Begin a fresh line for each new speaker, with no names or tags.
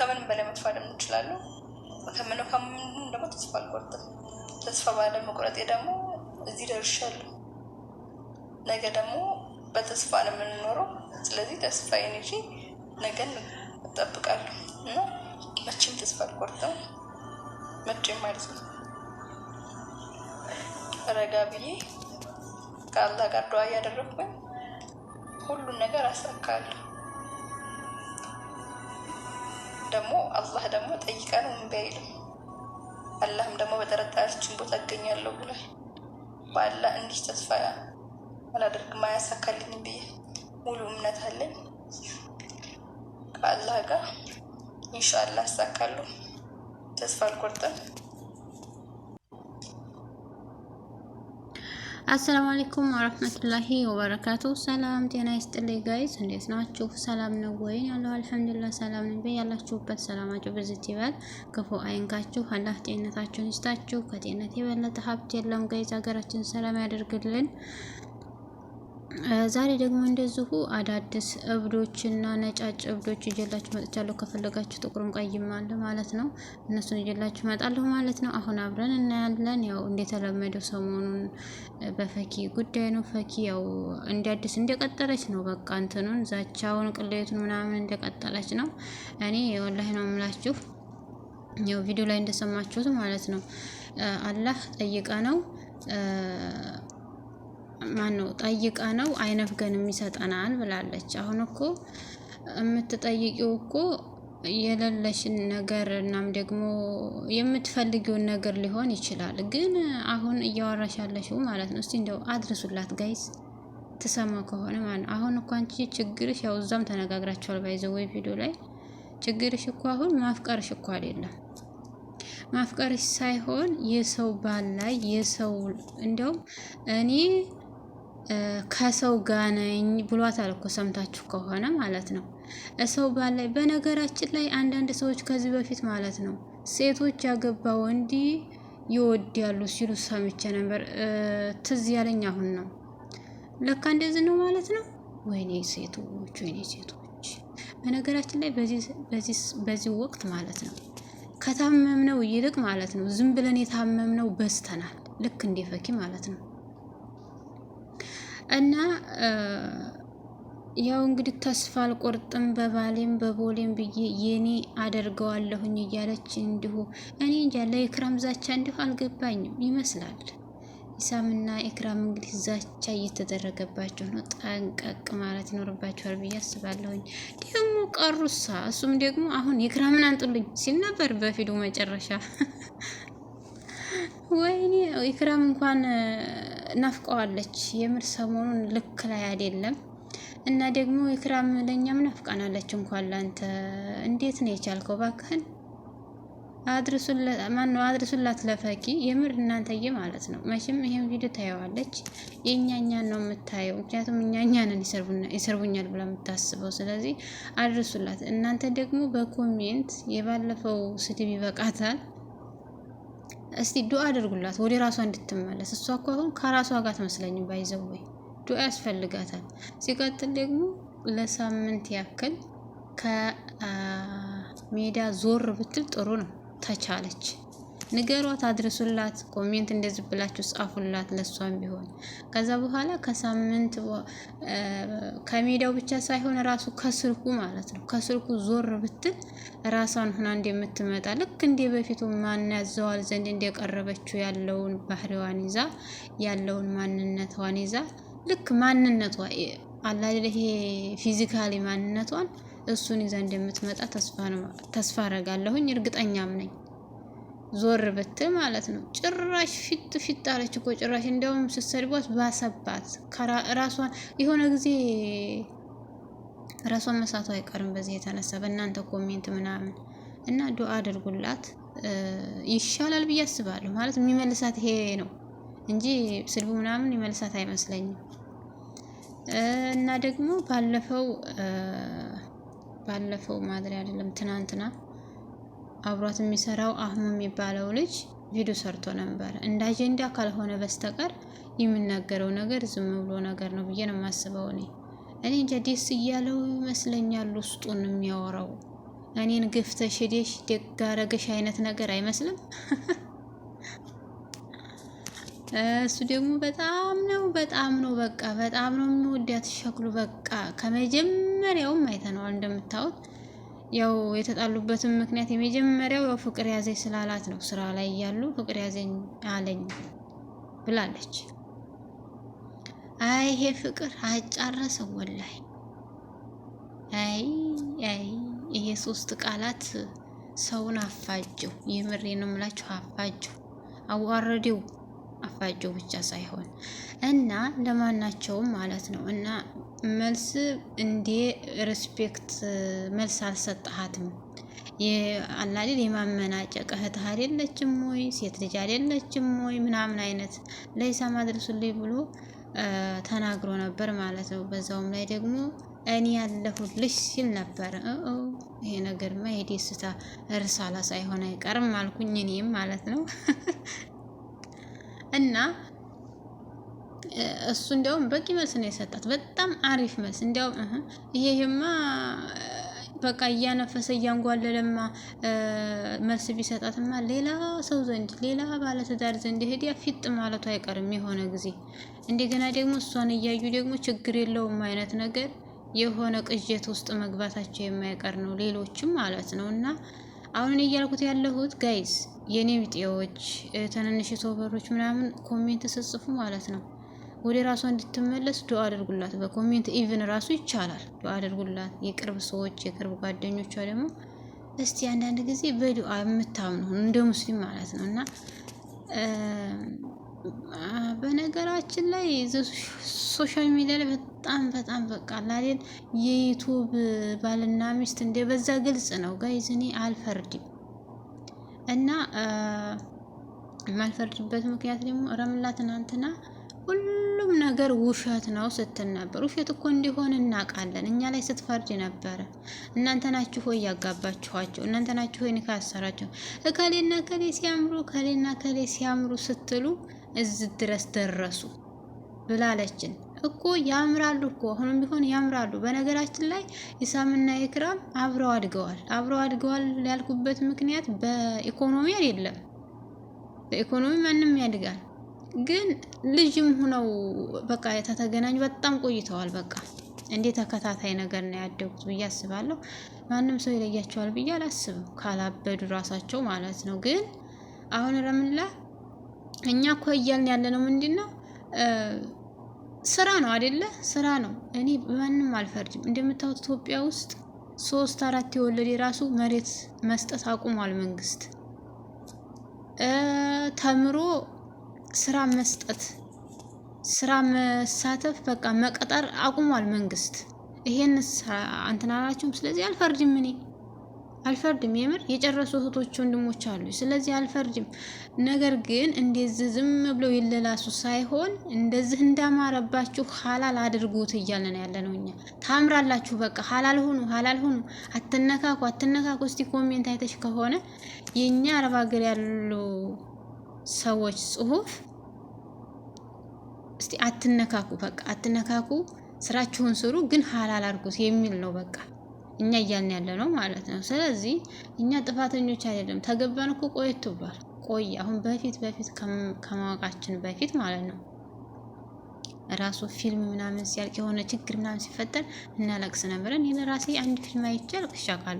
ከምንም በላይ መድፋ ደግሞ ይችላሉ። ከምን ከምንም ደግሞ ተስፋ አልቆርጥም። ተስፋ ባለ መቁረጤ ደግሞ እዚህ ደርሻለሁ። ነገ ደግሞ በተስፋ ነው የምንኖረው። ስለዚህ ተስፋ ይንጂ ነገን እጠብቃለሁ እና መቼም ተስፋ አልቆርጥም። መቼም ማለት ነው ረጋ ብዬ ከአላህ ጋር ዱዓ እያደረግኩኝ ሁሉን ነገር አሳካለሁ። ደግሞ አላህ ደግሞ ጠይቀ ነው እምቢ አይልም። አላህም ደግሞ በጠረጠራችን ቦታ እገኛለሁ ብሏል። በአላህ እንዲህ ተስፋ አላደርግም አያሳካልኝም ብዬ ሙሉ እምነት አለኝ። ከአላህ ጋር ኢንሻአላህ አሳካለሁ። ተስፋ አልቆርጥም።
አሰላሙ አለይኩም ወረህመቱላሂ ወበረካቱ። ሰላም ጤና ይስጥልኝ ጋይዝ፣ እንዴት ናችሁ? ሰላም ነው ወይን? ያለው አልሐምዱሊላህ ሰላም ነው። በያላችሁበት ሰላማችሁ ብዝት ይበል፣ ክፉ አይንካችሁ፣ አላህ ጤንነታችሁን ይስጣችሁ። ከጤነት የበለጠ ሀብት የለም ጋይዝ። ሀገራችን ሰላም ያደርግልን። ዛሬ ደግሞ እንደዚሁ አዳዲስ እብዶችና ነጫጭ እብዶች ይዤላችሁ መጥቻለሁ። ከፈለጋችሁ ጥቁርም ቀይም አለ ማለት ነው። እነሱን ይዤላችሁ መጣለሁ ማለት ነው። አሁን አብረን እናያለን። ያው እንደተለመደው ሰሞኑን በፈኪ ጉዳይ ነው። ፈኪ ያው እንደ አዲስ እንደቀጠለች ነው። በቃ እንትኑን ዛቻውን፣ ቅሌቱን ምናምን እንደቀጠለች ነው። እኔ ወላሂ ነው የምላችሁ ያው ቪዲዮ ላይ እንደሰማችሁት ማለት ነው። አላህ ጠይቀ ነው ማነው ጠይቀ ነው አይነፍገንም ይሰጠናል ብላለች። አሁን እኮ የምትጠይቂው እኮ የሌለሽን ነገር እናም ደግሞ የምትፈልጊውን ነገር ሊሆን ይችላል። ግን አሁን እያወራሽ ያለሽው ማለት ነው። እስቲ እንደው አድርሱላት ጋይዝ ትሰማ ከሆነ ማለት ነው። አሁን እኮ አንቺ ችግርሽ ያው እዛም ተነጋግራቸዋል። ባይዘ ወይ ቪዲዮ ላይ ችግርሽ እኮ አሁን ማፍቀርሽ እኮ አይደለም ማፍቀርሽ ሳይሆን የሰው ባል ላይ የሰው እንደውም እኔ ከሰው ጋር ነኝ ብሏታል እኮ ሰምታችሁ ከሆነ ማለት ነው። ሰው ላይ በነገራችን ላይ አንዳንድ ሰዎች ከዚህ በፊት ማለት ነው ሴቶች ያገባ ወንድ ይወዳሉ ሲሉ ሰምቼ ነበር። ትዝ ያለኝ አሁን ነው። ለካ እንደዚህ ነው ማለት ነው። ወይኔ ሴቶች፣ ወይኔ ሴቶች። በነገራችን ላይ በዚህ ወቅት ማለት ነው ከታመምነው ይልቅ ማለት ነው ዝም ብለን የታመምነው በዝተናል። ልክ እንደ ፈኪ ማለት ነው። እና ያው እንግዲህ ተስፋ አልቆርጥም በባሌም በቦሌም ብዬ የኔ አደርገዋለሁኝ እያለች እንዲሁ እኔ እንጃለ የክራም ዛቻ እንዲሁ አልገባኝም ይመስላል። ኢሳምና ኢክራም እንግዲህ ዛቻ እየተደረገባቸው ነው። ጠንቀቅ ማለት ይኖርባቸዋል ብዬ አስባለሁኝ። ደግሞ ቀሩሳ እሱም ደግሞ አሁን የክራምን አንጡልኝ ሲል ነበር በፊዱ መጨረሻ ወይኔ ኢክራም እንኳን ናፍቀዋለች። የምር ሰሞኑን ልክ ላይ አይደለም እና ደግሞ ኢክራም ለእኛም ናፍቃናለች። እንኳን ለአንተ እንዴት ነው የቻልከው? እባክህን ማነው አድርሱላት ለፈኪ። የምር እናንተዬ ማለት ነው መቼም ይሄን ቪዲዮ ታየዋለች። የእኛኛን ነው የምታየው፣ ምክንያቱም እኛኛንን ይሰርቡኛል ብላ የምታስበው። ስለዚህ አድርሱላት እናንተ ደግሞ በኮሜንት የባለፈው ስድብ ይበቃታል እስቲ ዱአ አድርጉላት ወደ ራሷ እንድትመለስ። እሷ እኮ አሁን ከራሷ ጋር ትመስለኝ ባይዘወይ ዱአ ያስፈልጋታል። ሲቀጥል ደግሞ ለሳምንት ያክል ከሜዳ ዞር ብትል ጥሩ ነው። ተቻለች ንገሯት፣ አድርሱላት፣ ኮሜንት እንደዚህ ብላችሁ ጻፉላት ለሷም ቢሆን። ከዛ በኋላ ከሳምንት ከሜዳው ብቻ ሳይሆን ራሱ ከስልኩ ማለት ነው ከስልኩ ዞር ብትል ራሷን ሁና እንደምትመጣ ልክ እንደ በፊቱ ማን ያዘዋል ዘንድ እንደቀረበችው ያለውን ባህሪዋን ይዛ ያለውን ማንነቷን ይዛ ልክ ማንነቷ አላለ ይሄ ፊዚካሊ ማንነቷን እሱን ይዛ እንደምትመጣ ተስፋ አረጋለሁኝ፣ እርግጠኛም ነኝ። ዞር ብትል ማለት ነው። ጭራሽ ፊት ፊት አለች እኮ ጭራሽ እንዲያውም ስትሰድቧት ባሰባት። ራሷን የሆነ ጊዜ ራሷን መሳቷ አይቀርም በዚህ የተነሳ በእናንተ ኮሜንት ምናምን እና ዱአ አድርጉላት ይሻላል ብዬ አስባለሁ። ማለት የሚመልሳት ይሄ ነው እንጂ ስድቡ ምናምን ይመልሳት አይመስለኝም። እና ደግሞ ባለፈው ባለፈው ማድሪ አይደለም ትናንትና አብሯት የሚሰራው አህሙ የሚባለው ልጅ ቪዲዮ ሰርቶ ነበር። እንደ አጀንዳ ካልሆነ በስተቀር የሚናገረው ነገር ዝም ብሎ ነገር ነው ብዬ ነው የማስበው። እኔ እኔ እንጃ ደስ እያለው ይመስለኛል ውስጡን የሚያወራው እኔን ግፍተሽ ሄደሽ ደግ አረገሽ አይነት ነገር አይመስልም። እሱ ደግሞ በጣም ነው በጣም ነው በቃ በጣም ነው የሚወዳት ሸክሉ በቃ ከመጀመሪያውም አይተነዋል እንደምታዩት ያው የተጣሉበትም ምክንያት የመጀመሪያው ያው ፍቅር ያዘኝ ስላላት ነው። ስራ ላይ እያሉ ፍቅር ያዘኝ አለኝ ብላለች። አይ ይሄ ፍቅር አጫረሰው ወላይ። አይ አይ ይሄ ሶስት ቃላት ሰውን አፋጀው። የምሬ ነው የምላችሁ አፋጀው፣ አዋረደው። ባጆ ብቻ ሳይሆን እና ለማናቸውም ማለት ነው እና መልስ እንዴ ሪስፔክት መልስ አልሰጠሃትም። አላሌል የማመናጨቅ ቀህት አይደለችም ወይ ሴት ልጅ አይደለችም ወይ ምናምን አይነት ለይሳም አድርሱልኝ ብሎ ተናግሮ ነበር ማለት ነው። በዛውም ላይ ደግሞ እኔ ያለሁልሽ ሲል ነበር። ይሄ ነገርማ የደስታ እርሳላ ሳይሆን አይቀርም አልኩኝ እኔም ማለት ነው። እና እሱ እንዲያውም በቂ መልስ ነው የሰጣት። በጣም አሪፍ መልስ እንዲያውም ይሄማ በቃ እያነፈሰ እያንጓለለማ መልስ ቢሰጣትማ ሌላ ሰው ዘንድ ሌላ ባለትዳር ዘንድ ሄዲያ ፊጥ ማለቱ አይቀርም የሆነ ጊዜ። እንደገና ደግሞ እሷን እያዩ ደግሞ ችግር የለውም አይነት ነገር የሆነ ቅዠት ውስጥ መግባታቸው የማይቀር ነው ሌሎችም ማለት ነው። እና አሁን እያልኩት ያለሁት ጋይዝ የኔ ቢጤዎች ትንንሽ የተወበሮች ምናምን ኮሜንት ስጽፉ ማለት ነው ወደ ራሷ እንድትመለስ ዱአ አድርጉላት። በኮሜንት ኢቭን ራሱ ይቻላል። ዱአ አድርጉላት። የቅርብ ሰዎች የቅርብ ጓደኞቿ ደግሞ እስቲ አንዳንድ ጊዜ በዱአ የምታምኑ እንደ ሙስሊም ማለት ነው እና በነገራችን ላይ ሶሻል ሚዲያ ላይ በጣም በጣም በቃ ላሌል የዩቱብ ባልና ሚስት እንደ በዛ ግልጽ ነው ጋይዝ። እኔ አልፈርድም እና የማልፈርድበት ምክንያት ደግሞ ረምላ ትናንትና ሁሉም ነገር ውሸት ነው ስትል ነበር። ውሸት እኮ እንዲሆን እናውቃለን። እኛ ላይ ስትፈርድ ነበረ። እናንተ ናችሁ ሆይ ያጋባችኋቸው፣ እናንተ ናችሁ ሆይ ኒካ ያሰራቸው፣ እከሌና ከሌ ሲያምሩ፣ እከሌና ከሌ ሲያምሩ ስትሉ እዚህ ድረስ ደረሱ ብላለችን። እኮ ያምራሉ እኮ አሁንም ቢሆን ያምራሉ። በነገራችን ላይ ኢሳምና ኢክራም አብረው አድገዋል። አብረው አድገዋል ያልኩበት ምክንያት በኢኮኖሚ አይደለም። በኢኮኖሚ ማንም ያድጋል። ግን ልጅም ሆነው በቃ የተገናኙ በጣም ቆይተዋል። በቃ እንዴ ተከታታይ ነገር ነው ያደጉት ብዬ አስባለሁ። ማንም ሰው ይለያቸዋል ብዬ አላስብም፣ ካላበዱ ራሳቸው ማለት ነው። ግን አሁን ረምላ እኛ እኮ እያልን ያለ ነው ምንድን ነው ስራ ነው አይደለ? ስራ ነው። እኔ ማንም አልፈርጅም። እንደምታዩት ኢትዮጵያ ውስጥ ሶስት አራት የወለደ የራሱ መሬት መስጠት አቁሟል መንግስት። ተምሮ ስራ መስጠት፣ ስራ መሳተፍ፣ በቃ መቀጠር አቁሟል መንግስት። ይሄን እንትን አላችሁም። ስለዚህ አልፈርጅም እኔ አልፈርድም። የምር የጨረሱ እህቶች ወንድሞች አሉ። ስለዚህ አልፈርድም። ነገር ግን እንደዚህ ዝም ብለው ይለላሱ ሳይሆን እንደዚህ እንዳማረባችሁ ሀላል አድርጉት እያለ ነው ያለ ነው። እኛ ታምራላችሁ። በቃ ሀላል ሁኑ፣ ሀላል ሁኑ፣ አትነካኩ፣ አትነካኩ። እስቲ ኮሜንት አይተሽ ከሆነ የእኛ አረብ ሀገር ያሉ ሰዎች ጽሁፍ እስቲ አትነካኩ፣ በቃ አትነካኩ፣ ስራችሁን ስሩ፣ ግን ሀላል አድርጉት የሚል ነው በቃ እኛ እያልን ያለ ነው ማለት ነው። ስለዚህ እኛ ጥፋተኞች አይደለም። ተገባን እኮ ቆየት ብሏል። ቆይ አሁን በፊት በፊት ከማወቃችን በፊት ማለት ነው ራሱ ፊልም ምናምን ሲያልቅ የሆነ ችግር ምናምን ሲፈጠር እናለቅስ ነበረን። ይህን ራሴ አንድ ፊልም አይቼ አልቅሻ